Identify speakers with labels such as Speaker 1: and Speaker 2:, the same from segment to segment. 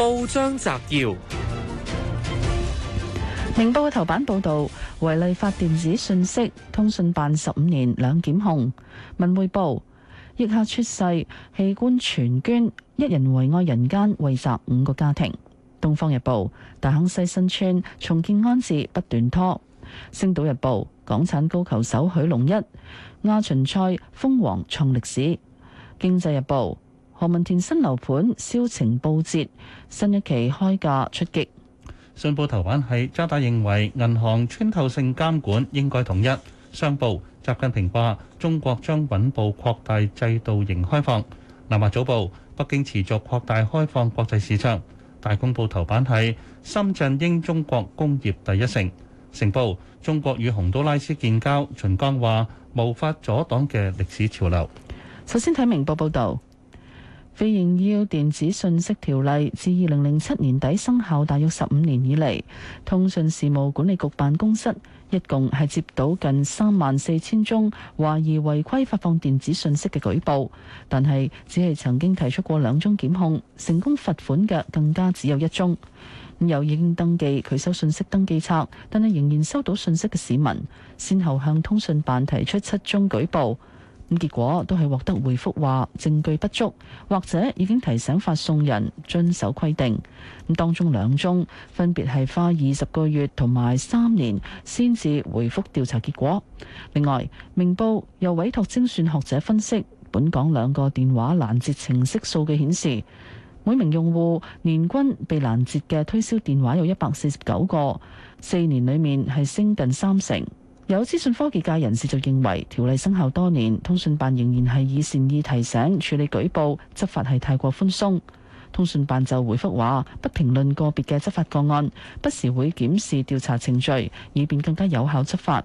Speaker 1: 報
Speaker 2: 章摘要：
Speaker 1: 明報嘅頭版報道，違例發電子訊息通訊辦十五年兩檢控。文匯報：疫下出世，器官全捐，一人為愛人間，惠澤五個家庭。東方日報：大坑西新村重建安置不斷拖。星島日報：港產高球手許龍一亞巡賽封王創歷史。經濟日報。何文田新樓盤銷情報捷，新一期開價出擊。
Speaker 2: 信報頭版係渣打認為銀行穿透性監管應該統一。商報習近平話中國將穩步擴大制度型開放。南華早報北京持續擴大開放國際市場。大公報頭版係深圳英中國工業第一城。成報中國與洪都拉斯建交，秦剛話無法阻擋嘅歷史潮流。
Speaker 1: 首先睇明報報道。《非應邀電子信息條例》自二零零七年底生效，大約十五年以嚟，通訊事務管理局辦公室一共係接到近三萬四千宗懷疑違規發放電子信息嘅舉報，但係只係曾經提出過兩宗檢控，成功罰款嘅更加只有一宗。有已經登記拒收信息登記冊，但係仍然收到信息嘅市民，先後向通訊辦提出七宗舉報。咁結果都係獲得回覆話證據不足，或者已經提醒發送人遵守規定。咁當中兩宗分別係花二十個月同埋三年先至回覆調查結果。另外，《明報》又委託精算學者分析本港兩個電話攔截程式數據顯示，每名用戶年均被攔截嘅推銷電話有一百四十九個，四年裏面係升近三成。有資訊科技界人士就認為條例生效多年，通訊辦仍然係以善意提醒處理舉報，執法係太過寬鬆。通訊辦就回覆話：不評論個別嘅執法個案，不時會檢視調查程序，以便更加有效執法。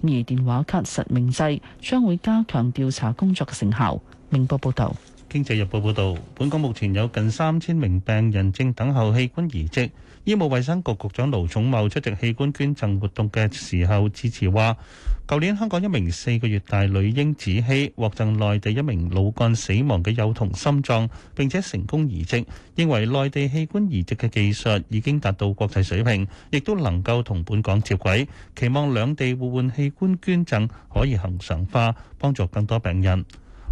Speaker 1: 而電話卡實名制將會加強調查工作嘅成效。明報報道。
Speaker 2: 《經濟日報》報道，本港目前有近三千名病人正等候器官移植。醫務衛生局局長盧寵茂出席器官捐贈活動嘅時候致辭，話：「舊年香港一名四個月大女嬰子希獲贈內地一名腦幹死亡嘅幼童心臟，並且成功移植。認為內地器官移植嘅技術已經達到國際水平，亦都能夠同本港接軌。期望兩地互換器官捐贈可以恆常化，幫助更多病人。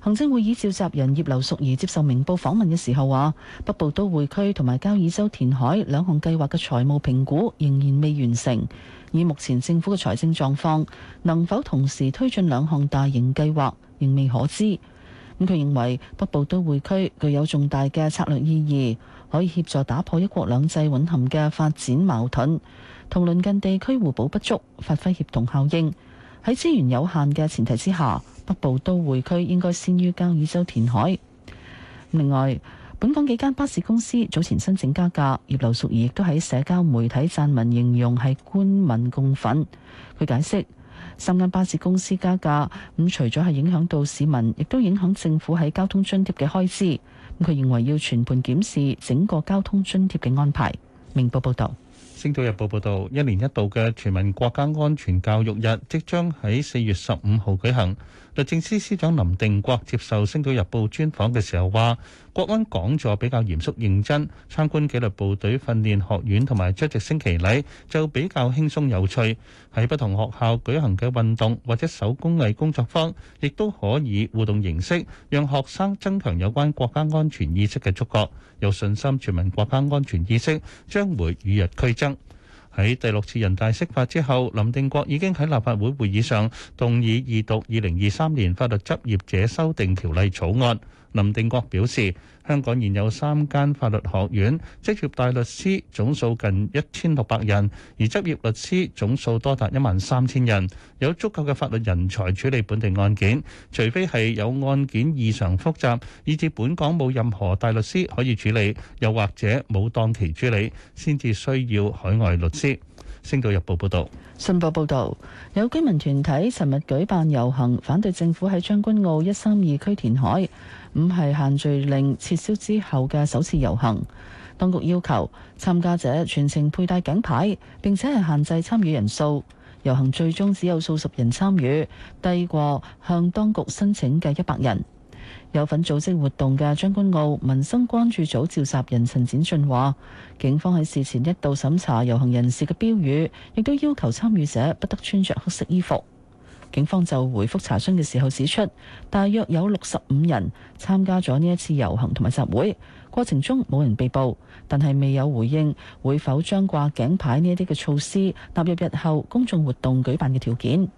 Speaker 1: 行政會議召集人葉劉淑儀接受明報訪問嘅時候話，北部都會區同埋交椅洲填海兩項計劃嘅財務評估仍然未完成，以目前政府嘅財政狀況能否同時推進兩項大型計劃，仍未可知。咁佢認為北部都會區具有重大嘅策略意義，可以協助打破一國兩制蘊含嘅發展矛盾，同鄰近地區互補不足，發揮協同效應。喺資源有限嘅前提之下，北部都會區應該先於交椅洲填海。另外，本港幾間巴士公司早前申請加價，葉劉淑儀亦都喺社交媒體撰文形容係官民共憤。佢解釋三間巴士公司加價咁，除咗係影響到市民，亦都影響政府喺交通津貼嘅開支。咁佢認為要全盤檢視整個交通津貼嘅安排。明報報導，
Speaker 2: 《星島日報》報導，一年一度嘅全民國家安全教育日即將喺四月十五號舉行。律政司司長林定國接受《星島日報》專訪嘅時候話，國安講座比較嚴肅認真，參觀紀律部隊訓練學院同埋出席升旗禮就比較輕鬆有趣。喺不同學校舉行嘅運動或者手工藝工作坊，亦都可以互動形式，讓學生增強有關國家安全意識嘅觸覺。有信心，全民國家安全意識將會與日俱增。喺第六次人大釋法之後，林定國已經喺立法會會議上動議二讀《二零二三年法律執業者修訂條例草案》。林定國表示，香港現有三間法律學院，執業大律師總數近一千六百人，而執業律師總數多達一萬三千人，有足夠嘅法律人才處理本地案件。除非係有案件異常複雜，以致本港冇任何大律師可以處理，又或者冇當期處理，先至需要海外律師。星島日報報道，
Speaker 1: 信報報道，有居民團體尋日舉辦遊行，反對政府喺將軍澳一三二區填海。五係限聚令撤銷之後嘅首次遊行，當局要求參加者全程佩戴頸牌，並且係限制參與人數，遊行最終只有數十人參與，低過向當局申請嘅一百人。有份組織活動嘅將軍澳民生關注組召集人陳展進話，警方喺事前一度審查遊行人士嘅標語，亦都要求參與者不得穿着黑色衣服。警方就回覆查詢嘅時候指出，大約有六十五人參加咗呢一次遊行同埋集會，過程中冇人被捕，但係未有回應會否將掛頸牌呢一啲嘅措施納入日後公眾活動舉辦嘅條件。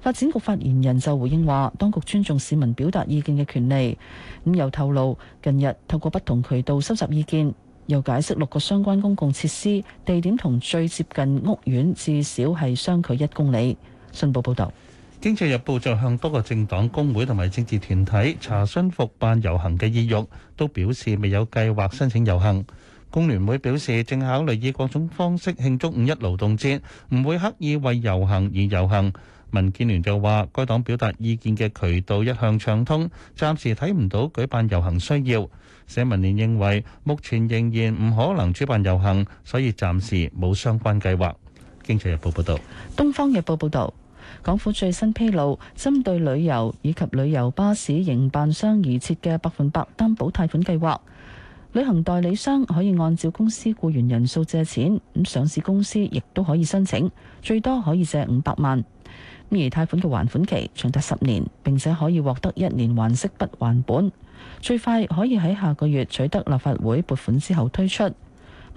Speaker 1: 發展局發言人就回應話，當局尊重市民表達意見嘅權利。咁又透露，近日透過不同渠道收集意見，又解釋六個相關公共設施地點同最接近屋苑至少係相距一公里。信報報道。
Speaker 2: 《經濟日報》就向多個政黨、工會同埋政治團體查詢復辦遊行嘅意欲，都表示未有計劃申請遊行。工聯會表示正考慮以各種方式慶祝五一勞動節，唔會刻意為遊行而遊行。民建聯就話，該黨表達意見嘅渠道一向暢通，暫時睇唔到舉辦遊行需要。社民連認為目前仍然唔可能主辦遊行，所以暫時冇相關計劃。《經濟日報》報道，
Speaker 1: 《東方日報》報道。港府最新披露，針對旅遊以及旅遊巴士營辦商而設嘅百分百擔保貸款計劃，旅行代理商可以按照公司僱員人數借錢，咁上市公司亦都可以申請，最多可以借五百萬。而貸款嘅還款期長達十年，並且可以獲得一年還息不還本，最快可以喺下個月取得立法會撥款之後推出。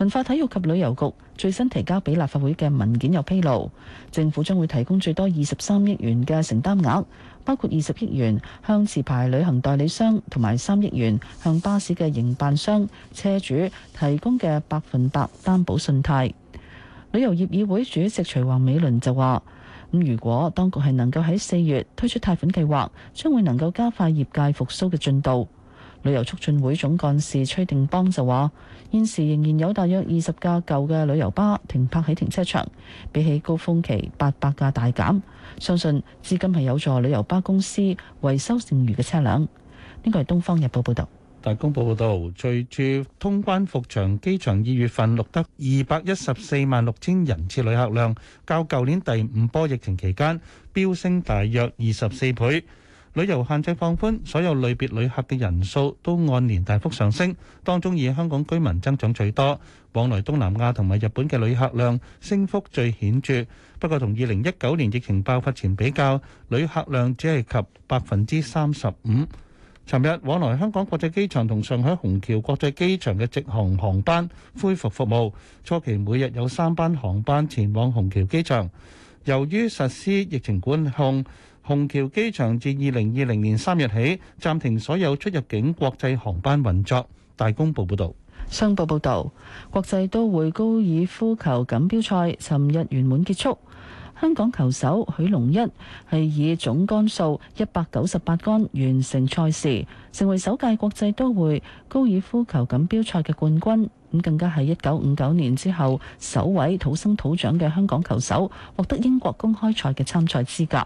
Speaker 1: 文化體育及旅遊局最新提交俾立法會嘅文件又披露，政府將會提供最多二十三億元嘅承擔額，包括二十億元向持牌旅行代理商同埋三億元向巴士嘅營辦商車主提供嘅百分百擔保信貸。旅遊業議會主席徐王美倫就話，咁如果當局係能夠喺四月推出貸款計劃，將會能夠加快業界復甦嘅進度。旅遊促進會總幹事崔定邦就話，現時仍然有大約二十架舊舊嘅旅遊巴停泊喺停車場，比起高峰期八百架大減，相信至今係有助旅遊巴公司維修剩餘嘅車輛。呢個係東方日報報道。
Speaker 2: 大公報報道，隨住通關復常，機場二月份錄得二百一十四萬六千人次旅客量，較舊年第五波疫情期間飆升大約二十四倍。旅遊限制放寬，所有類別旅客嘅人數都按年大幅上升，當中以香港居民增長最多。往來東南亞同埋日本嘅旅客量升幅最顯著，不過同二零一九年疫情爆發前比較，旅客量只係及百分之三十五。尋日往來香港國際機場同上海虹橋國際機場嘅直航航班恢復服，服務，初期每日有三班航班前往虹橋機場。由於實施疫情管控。虹橋機場自二零二零年三月起暫停所有出入境國際航班運作。大公報報道，
Speaker 1: 商報報道，國際都會高爾夫球錦標賽尋日圓滿結束。香港球手許龍一係以總桿數一百九十八桿完成賽事，成為首屆國際都會高爾夫球錦標賽嘅冠軍。咁更加係一九五九年之後首位土生土長嘅香港球手獲得英國公開賽嘅參賽資格。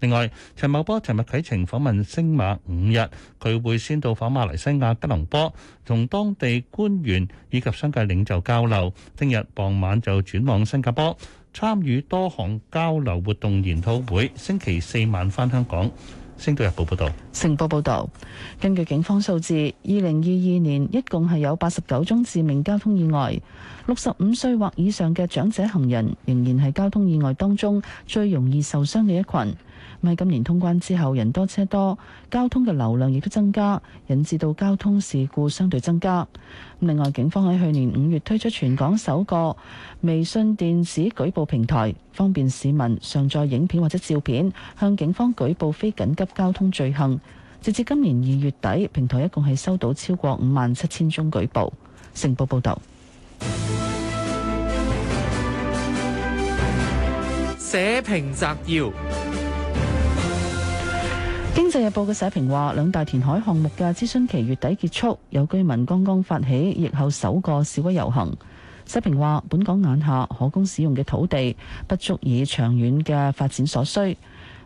Speaker 2: 另外，陳茂波尋日啟程訪問星馬五日，佢會先到訪馬來西亞吉隆坡，同當地官員以及商界領袖交流。聽日傍晚就轉往新加坡，參與多項交流活動、研討會。星期四晚返香港。星島日報報道，
Speaker 1: 成報報道，根據警方數字，二零二二年一共係有八十九宗致命交通意外。六十五歲或以上嘅長者行人，仍然係交通意外當中最容易受傷嘅一群。喺今年通關之後，人多車多，交通嘅流量亦都增加，引致到交通事故相對增加。另外，警方喺去年五月推出全港首個微信電子舉報平台，方便市民上載影片或者照片向警方舉報非緊急交通罪行。直至今年二月底，平台一共係收到超過五萬七千宗舉報。成報報道，社
Speaker 2: 評摘要。
Speaker 1: 經濟日報嘅社評話，兩大填海項目嘅諮詢期月底結束，有居民剛剛發起疫後首個示威遊行。社評話，本港眼下可供使用嘅土地不足以長遠嘅發展所需，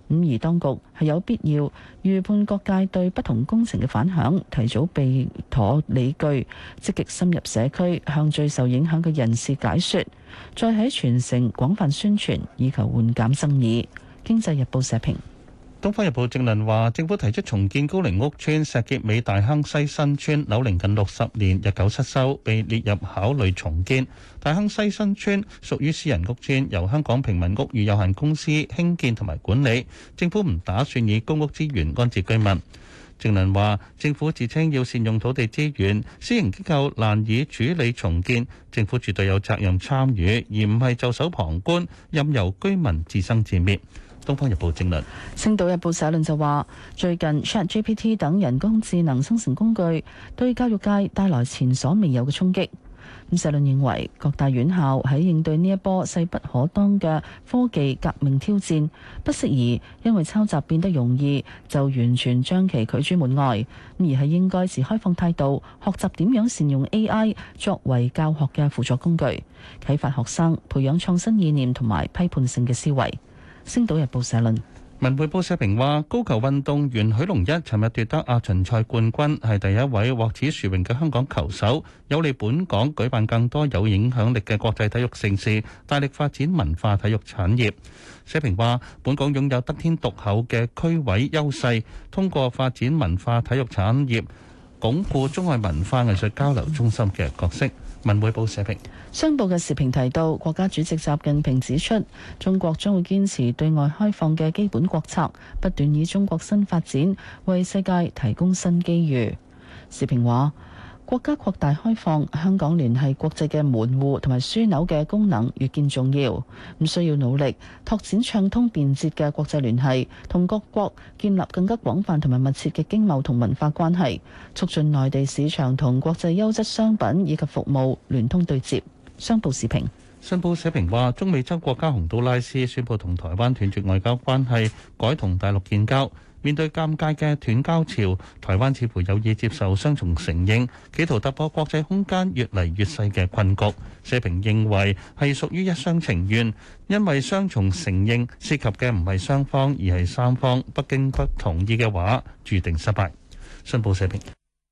Speaker 1: 故而當局係有必要預判各界對不同工程嘅反響，提早備妥理據，積極深入社區向最受影響嘅人士解說，再喺全城廣泛宣傳，以求緩減爭議。經濟日報社評。
Speaker 2: 《東方日報》正論話，政府提出重建高齡屋村、石硤尾大坑西新村，樓齡近六十年，日久失修，被列入考慮重建。大坑西新村屬於私人屋村，由香港平民屋宇有限公司興建同埋管理。政府唔打算以公屋資源安置居民。正論話，政府自稱要善用土地資源，私營機構難以處理重建，政府絕對有責任參與，而唔係袖手旁觀，任由居民自生自滅。《東方日報》正論，
Speaker 1: 《星島日報》社論就話：最近 ChatGPT 等人工智能生成工具對教育界帶來前所未有嘅衝擊。咁社論認為，各大院校喺應對呢一波勢不可當嘅科技革命挑戰，不適宜因為抄襲變得容易就完全將其拒諸門外，而係應該持開放態度，學習點樣善用 AI 作為教學嘅輔助工具，啟發學生培養創新意念同埋批判性嘅思維。《星島日報》社論：
Speaker 2: 文匯報社評話，高球運動員許龍一尋日奪得亞巡賽冠軍，係第一位獲此殊榮嘅香港球手，有利本港舉辦更多有影響力嘅國際體育盛事，大力發展文化體育產業。社評話，本港擁有得天獨厚嘅區位優勢，通過發展文化體育產業，鞏固中外文化藝術交流中心嘅角色。文匯報社評，
Speaker 1: 商報嘅視頻提到，國家主席習近平指出，中國將會堅持對外開放嘅基本國策，不斷以中國新發展為世界提供新機遇。視頻話。國家擴大開放，香港聯繫國際嘅門戶同埋樞紐嘅功能越見重要，咁需要努力拓展暢通便捷嘅國際聯繫，同各國建立更加廣泛同埋密切嘅經貿同文化關係，促進內地市場同國際優質商品以及服務聯通對接。商報視頻，
Speaker 2: 商報社評話，中美洲國家洪都拉斯宣布同台灣斷絕外交關係，改同大陸建交。面對尷尬嘅斷交潮，台灣似乎有意接受雙重承認，企圖突破國際空間越嚟越細嘅困局。社評認為係屬於一廂情願，因為雙重承認涉及嘅唔係雙方，而係三方。北京不同意嘅話，註定失敗。信報社評。